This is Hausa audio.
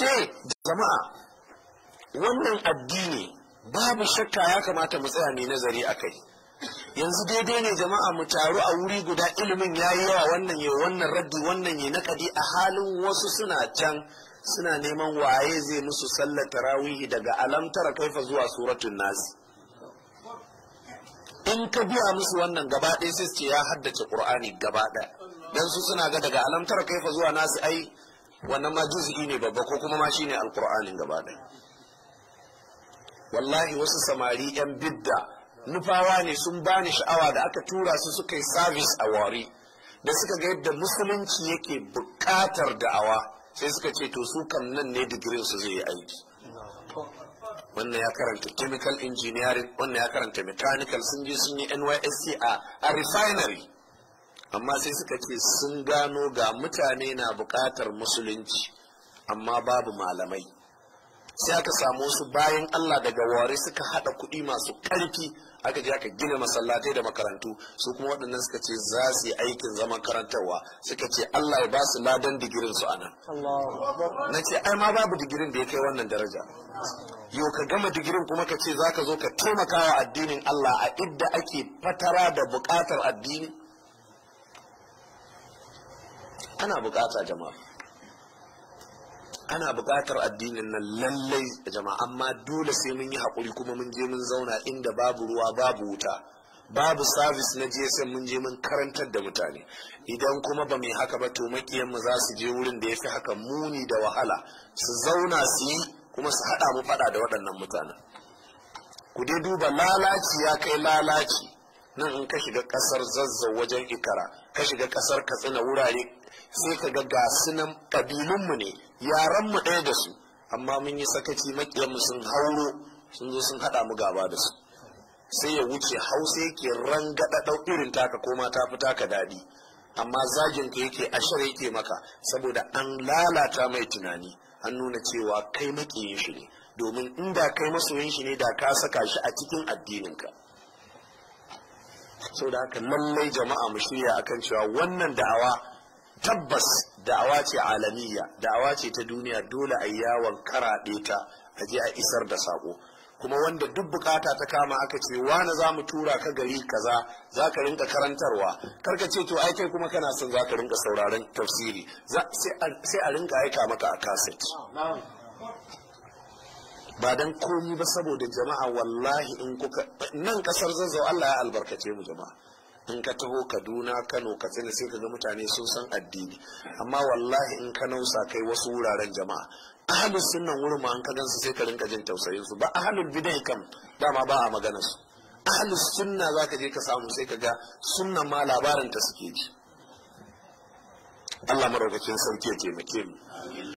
da jama'a wannan addini babu shakka ya kamata mu tsaya mai nazari a kai yanzu daidai ne jama'a mu taru a wuri guda ilimin ya yi yawa wannan ya wannan raddi wannan ya nakadi a halin wasu suna can suna neman waye zai musu sallar tarawihi daga alamtara kaifa zuwa suratun nasi in ka biya musu wannan gaba ɗaya sai ce ya haddace Kur'ani gaba ɗaya dan su suna ga daga alamtara kaifa zuwa nasi ai wannan ma juz'i ne babba ko kuma ma shine alqur'anin gaba ɗaya wallahi wasu samari yan bidda nufawa ne sun bani sha'awa da aka tura su suka yi service a wari da suka ga yadda musulunci yake buƙatar da'awa sai suka ce to su kan nan ne digirin su zai yi aiki wannan ya karanta chemical engineering wannan ya karanta mechanical sun je sun yi NYSC a refinery amma sai suka ce sun gano ga mutane na bukatar musulunci amma babu malamai sai aka samu su bayan Allah daga ware suka haɗa kuɗi masu ƙarfi aka je aka gina masallatai da makarantu su kuma waɗannan suka ce za su yi aikin zaman karantarwa suka ce Allah ya ba su ladan digirin su anan na ce ai ma babu digirin da ya kai wannan daraja yau ka gama digirin kuma ka ce za ka zo ka taimakawa addinin Allah a idda ake fatara da buƙatar addini ana bukata jama'a ana bukatar addinin nan lallai jama'a amma dole sai mun yi haƙuri kuma mun je mun zauna inda babu ruwa babu wuta babu sabis na GSM mun je mun karantar da mutane idan kuma ba mai haka ba to makiyanmu za su je wurin da ya fi haka muni da wahala su zauna su yi kuma su haɗa mu faɗa da waɗannan mutanen ku dai duba lalaci ya kai lalaci nan in ka shiga ƙasar zazzau wajen ikara ka shiga kasar katsina wurare sai ka ga gasunan ƙabilunmu ne yaran mu ɗaya da su amma mun yi sakaci maƙiyanmu sun hauro sun zo sun haɗa mu gaba da su sai ya wuce hausa yake rangaɗaɗau irin taka ko ma ta fi taka daɗi amma zagin ka yake ashar yake maka saboda an lalata mai tunani an nuna cewa kai makiyin shi ne domin inda kai masoyin shi ne da ka saka shi a cikin addininka da haka mai jama'a mu shirya akan cewa wannan da'awa tabbas da'awa ce alamiya da'awa ce ta duniya dole a yawon karaɗe ta a je a isar da saƙo. kuma wanda duk bukata ta kama aka ce wani za mu tura ka gari kaza za ka rinka karantarwa karka ce to aikai kuma kana son za ka rinka sauraron tafsiri sai a rinka aika maka a kaset ba dan komi ba saboda jama'a wallahi in kuka nan kasar zazzau Allah ya albarkace mu jama'a in ka taho Kaduna Kano Katsina sai ka ga mutane sun san addini amma wallahi in ka nausa kai wasu wuraren jama'a ahalus sunnan wurin ma an ka gansu sai ka rinka jin tausayin su ba ahalul bidai kam dama ba a maganar su ahalus sunna zaka je ka samu sai ka ga sunnan ma labarin ta suke ji Allah maraukakin sarki ya taimake mu